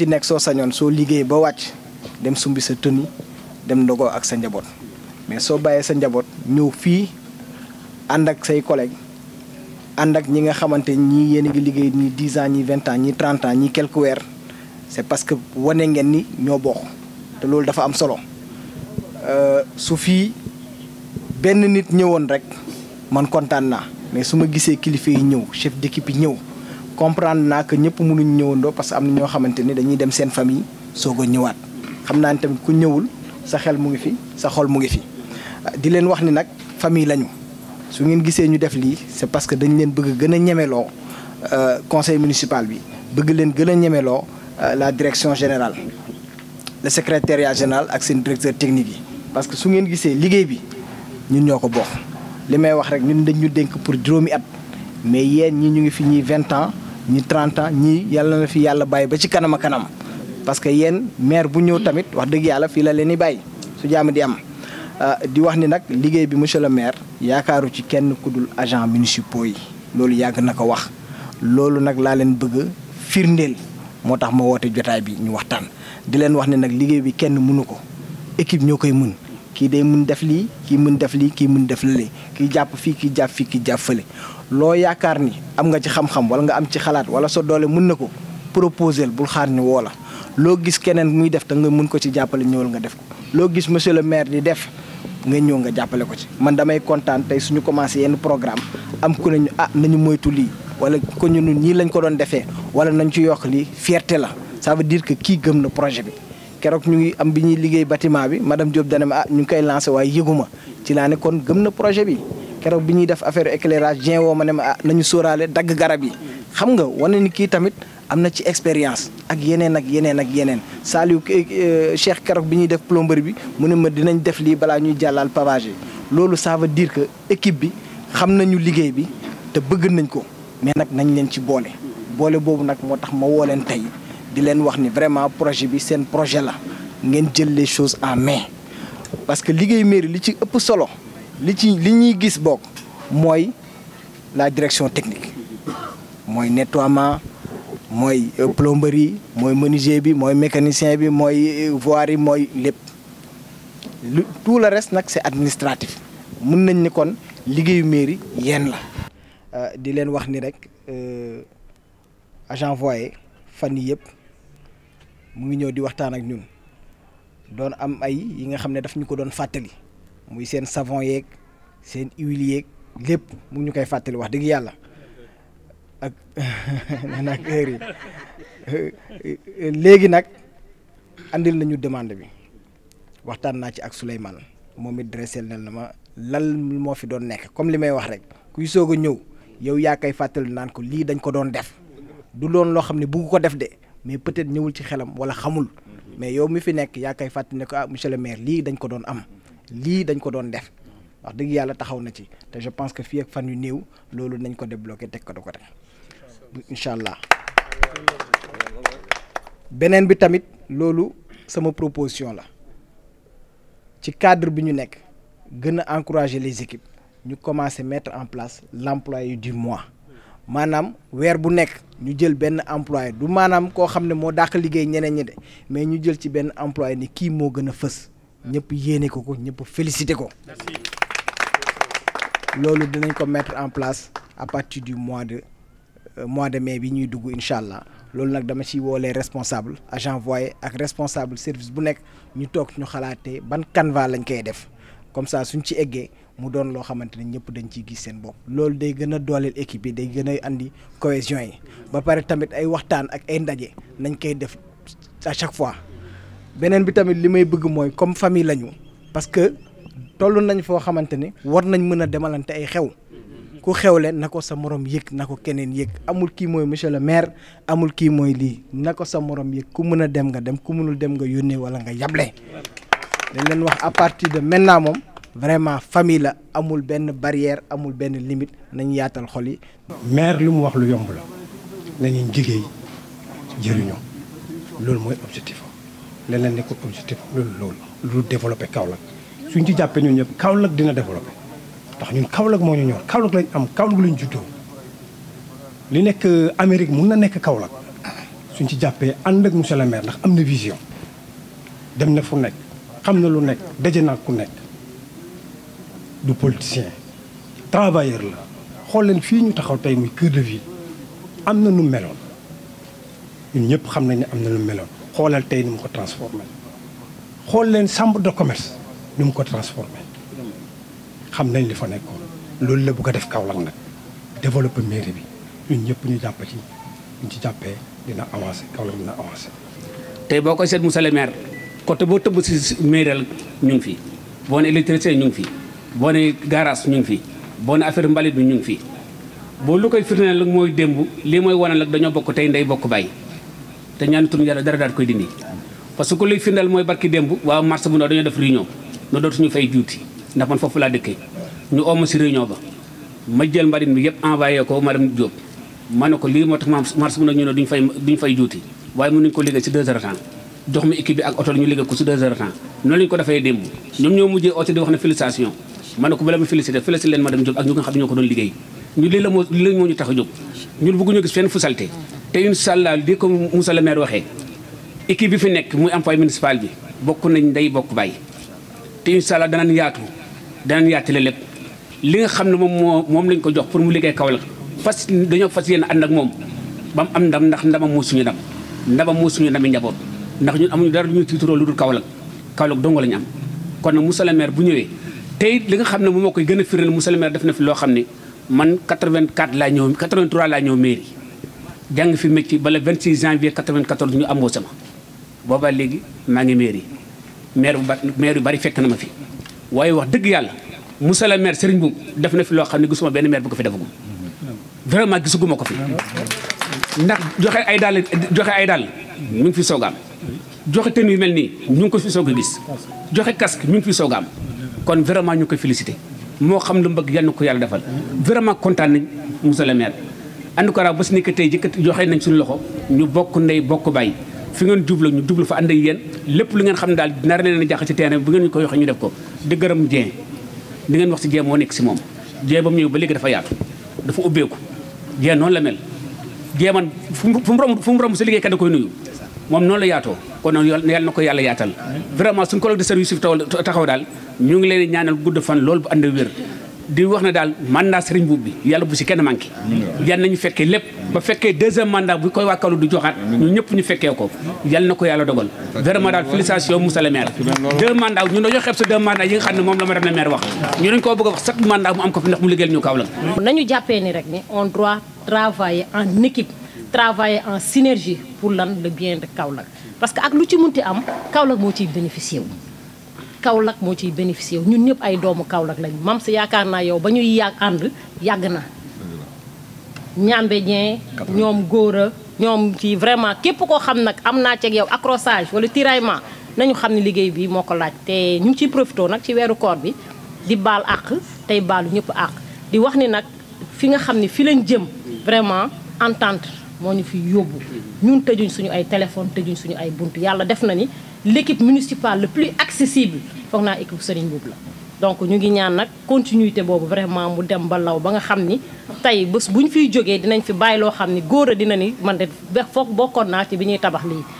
ci nekk soo sañoon soo liggéey ba wàcc dem sumbi sa tënu dem ndogoo ak sa njaboot mais soo bàyyee sa njaboot ñëw fii ànd ak say collègues ànd ak ñi nga xamante ñii yéen a ngi liggéey ñii 10 ans ñii 20 ans ñii 30 ans ñii quelques weer c'est parce que wane ngeen ni ñoo bokk te loolu dafa am solo euh, su fii benn nit ñëwoon rek man kontaan naa mais su ma gisee kilifa yi ñëw chef d'équipe yi ñëw. comprendre naa que ñëpp mënuñ ñëwandoo parce que am na ñoo xamante ni dañuy dem seen famille soog a ñëwaat xam naa ni tamit ku ñëwul sa xel mu ngi fi sa xol mu ngi fi di leen wax ni nag famille lañu su ngeen gisee ñu def lii c'est parce que dañ leen bëgg gën a ñemeloo euh, conseil municipal bi bëgg leen gën a ñemeloo euh, la direction général le secrétariat général ak seen directeur technique yi parce que su ngeen gisee liggéey bi ñun ñoo ko bokk li may wax rek ñu dañ ñu dénk pour juróomi at mais yéen ñi ñu ngi fi ñuy vingt ans ñi 30 ans ñii yàlla na fi yàlla bàyyi ba ci kanam a kanam parce que yéen maire bu ñëw tamit wax dëgg yàlla fii la leen di bàyyi su jàmm di am. Euh, di wax ni nag liggéey bi monsieur le maire yaakaaru ci kenn ku dul agent municipaux yi loolu yàgg na ko wax loolu nag laa leen bëgg firndeel moo tax ma woote jotaay bi ñu waxtaan di leen wax ne nag liggéey bi kenn mënu ko équipe ñoo koy mën kii day mën def lii kii mën def lii kii mën def lële kii jàpp fii kii jàpp fii kii jàpp fële. loo yaakaar ni am nga ci xam-xam wala nga am ci xalaat wala sa doole mën na ko proposé bul xaar ni woo la loo gis keneen muy def te nga mën ko ci jàppale ñëwal nga def ko loo gis monsieur le maire di def nga ñëw nga jàppale ko ci man damay kontaan tey suñu commencé yenn programme am ku nañu ah nañu moytu lii wala ko ñu ñii lañ ko doon defee wala nañ ci yokk lii fierté la ça veut dire que kii gëm na projet bi keroog ñu ngi am bi ñuy liggéey bâtiment bi madame Diop dana ma ah ñu ngi koy lancé waaye yëguma ci laa ne kon gëm na projet bi keroog bi ñuy def affaire éclairage Dieng woo ma ne ma ah nañu sóoraale dagg garab yi xam nga wane ni kii tamit am na ci expérience ak yeneen ak yeneen ak yeneen Saliou euh, Cheikh keroog bi ñuy def plomberie bi mu ne ma dinañ def lii balaa ñuy jàllal pavage yi loolu ça veut dire que équipe bi xam nañu liggéey bi te bëgg nañ ko mais nag nañ leen ci boole boole boobu nag moo tax ma woo leen tey di leen wax ni vraiment projet bi seen projet la ngeen jël les choses en main parce que liggéey mairie li ci ëpp solo li ci li ñuy gis bokk mooy la direction technique mooy nettoiement mooy euh, plomberie mooy menuisier bi mooy mécanicien bi mooy euh, voirie mooy lépp lu tout le reste nag c'est administratif mën nañ ni kon liggéeyu mairie yéen la. Euh, di leen wax ni rek agent voyer fan yii yëpp mu ngi ñëw di waxtaan ak ñun doon am ay yi nga xam ne daf ñu ko doon fàttali. muy seen savon yéeg seen huile yeeg lépp mu ñu koy fàttali wax dëgg yàlla ak nee naa heure yi léegi nag andil nañu demande bi waxtaan naa ci ak Souleymane moom it dressel nel na ma lan moo fi doon nekk comme li may wax rek kuy soog a ñëw yow yaa koy fàttali naan ko lii dañ ko doon def du loon loo xam ne bugg ko def de mais peut-être ñëwul ci xelam wala xamul mais yow mi fi nekk yaa koy fàttali ne ko ah monsieur le maire lii dañ ko doon am. lii dañ ko doon def wax dëgg yàlla taxaw na ci te je pense que fii ak fan yu néew loolu nañ ko débloqué teg ko de côté incha allah beneen bi tamit loolu sama proposition la ci cadre bi ñu nekk gën a encourager les équipes ñu commencer mettre en place yu du mois maanaam weer bu nekk ñu jël benn employé du maanaam koo xam ne moo dàq liggéey ñeneen ñi de mais ñu jël ci benn employé ni kii moo gën a fës ñëpp yéene ko ko ñëpp félicité ko loolu dinañ ko mettre en place à partir du mois de euh, mois de mai bi ñuy dugg incha allah loolu nag dama ci woolee responsable agent voyer ak responsable service bu nekk ñu toog ñu xalaatee ban canevas lañ koy def comme ça suñ ci eggee mu doon loo xamante ne ñëpp dañ ciy gis seen bopp. loolu day gën a dooleel équipe yi day gën a andi cohésion yi ba pare tamit ay waxtaan ak ay ndaje nañ koy def à chaque fois. beneen bi tamit li may bëgg mooy comme famille lañu parce que toll nañ foo xamante ne war nañ mën a demalante ay xew ku xewle na ko sa morom yëg na ko keneen yëg amul kii mooy monsieur le maire amul kii mooy lii na ko sa moroom yëg ku mën a dem nga dem ku mënul dem nga yónnee wala nga yable dañ leen wax à partir de maintenant moom vraiment famille la amul benn barrière amul benn limite nañ yaatal xol yi. maire lu mu wax lu yomb la nañu liggéey jëriñoo loolu mooy leneen nekkul objectif loolu loolu lu développé Kaolack suñ ci jàppee ñun ñëpp Kaolack dina développé ndax ñun Kaolack moo ñu ñor Kaolack lañ am Kaolack lañ juddoo li nekk Amérique mun na nekk Kaolack suñ ci jàppee ànd ak monsieur le maire ndax am na vision dem na fu nekk xam na lu nekk daje naa ku nekk du politicien travailleur la xool leen fii ñu taxaw tey muy cœur de ville am na nu meloon ñun ñëpp xam nañ ne am na nu meloon xoolal tey ni mu ko transformé xool leen chambre de commerce ni mu ko transformé xam nañ li fa nekkoon loolu la bëgg a def Kaolack nag développer mairie bi ñun ñëpp ñu jàpp ci ñu ci jàppee dina avancé Kaolack dina avancé. tey boo ko seet monsieur le maire côté boo tëbb si mairie ñu ngi fi boo ne électricité ñu ngi fi boo ne garage ñu ngi fi boo ne affaire mbalit bi ñu ngi fi boo lu koy firndeel mooy démb lii mooy wanal nag dañoo bokk tey ndey bokk bàyyi. te ñaani tur yàlla dara daal koy dindi parce que ku luy firndeel mooy barki démb waaw marché bu ndaw dañoo def réunion ne dootuñu fay juuti ndax man foofu laa dëkkee ñu ooma si réunion ba ma jël mbalit mi yëpp envoyé ko madame Diop ma ne ko lii moo tax marché bu ndaw ñu ko liggéey si deux heures temps jox ma équipe bi ak oto ñu liggéey ko si deux heures temps noonu lañ ko defee démb ñoom ñoo mujjee oote di wax ne félicitation ma ne ko bala ma félicité félicité leen madame Diop ak ñu ñu lii la moo lii fenn fu te incha allah lii ko monsieur le maire waxee équipe bi fi nekk muy employé municipal bi bokk nañ ndey bokk bàyyi te incha allah danañ yaatu danañ yaatale lépp li nga xam ne moom moo moom lañ ko jox pour mu liggéey Kaolack fas dañoo fas yéene ànd ak moom ba mu am ndax ndax ndamam moo suñu ndam ndamam moo suñu ndami njaboot ndax ñun amuñu dara lu ñuy tiituroo lu dul Kaolack Kaolack dongo lañ am kon nag monsieur le maire bu ñëwee tey li nga xam ne moom moo koy gën a firndeel monsieur loo xam ne man 84 laa ñëw 83 laa ñëw mairie jàng fi métier ba le 26 janvier 94 ñu amoo sama boobaa léegi maa ngi yi maire bu ba maire yu bari fekk na ma fi waaye wax dëgg yàlla monsieur le maire Serigne Boum def na fi loo xam ne gisuma benn maire bu ko fi defagum vraiment gisuguma ko fi ndax joxe ay dàll joxe ay dàll mu ngi fi soog a am joxe tenue yu mel nii ñu ngi ko fi soog gis joxe casque mu ngi fi soog am kon vraiment ñu ngi koy félicité moo xam lu mu bëgg ko yàlla defal vraiment kontaan nañ monsieur le maire. ànd ko raaw ba si nekk tey jëkkati joxe nañ suñu loxo ñu bokk ndey bokk bàyyi fi ngeen jublu ñu jublu fa ànd ak yéen lépp lu ngeen xam ne daal nar leen a jàq ci terrain bu ngeen ñu ko yoxe ñu def ko di gërëm Dieng di ngeen wax si Dieng moo nekk si moom Dieng ba mu ñëw ba léegi dafa yaatu dafa ubbeeku Dieng noonu la mel Dieng man fu mu romb fu mu romb sa liggéey kenn koy nuyu moom noonu la yaatoo kon noonu yàlla na ko yàlla yaatal vraiment suñu collègue de service yi taxaw daal ñu ngi leen ñaanal gudd fan loolu bu ànd wér di wax ne daal mandat Serigne Mboup bi yàlla bu si kenn manqué yal nañu fekkee lépp ba fekkee deuxième mandat bu koy wàkkalu du joxaat ñu ñëpp ñu fekkee ko yal na ko yàlla dogal vraiment daal félicitation Moussa le maire deux mandats ñun dañoo xeeb sa deux mandats yi nga xam ne moom la ma def na maire wax ñu dañ koo bëgg a wax chaque mandat mu am ko fi ndax mu liggéeyal ñu Kaolack nañu jàppee ni rek ni on doit travailler en équipe travailler en synergie pour lan le bien de Kaolack parce que ak lu ci munti am Kaolack moo ciy bénéficier wu Kaolack moo ciy bénéficié wu ñun ñëpp ay doomu Kaolack lañ mam si yaakaar naa yow ba ñuy yàgg ànd yàgg na ñambe ñee ñoom góor a ñoom ci vraiment képp koo xam nag am naa ceeg yow accrochage wala tiraillement nañu xam ne liggéey bi moo ko laaj te ñu ngi ciy profité nag ci weeru koor bi di baal àq tey baalu ñëpp àq di wax ni nag fi nga xam ni fi lañ jëm vraiment entente moo ñu fi yóbbu ñun tëjuñ suñu ay téléphone tëjuñ suñu ay bunt yàlla def na ni l'équipe municipal le plus accessible foog naa équipe Serigne Mboup la donc ñu ngi ñaan nag continuité boobu vraiment mu dem ba law ba nga xam ni tey bés bu ñu fiy jógee dinañ fi bàyyi loo xam ni góor a dina ni man de foog bokkoon naa ci bi ñuy tabax lii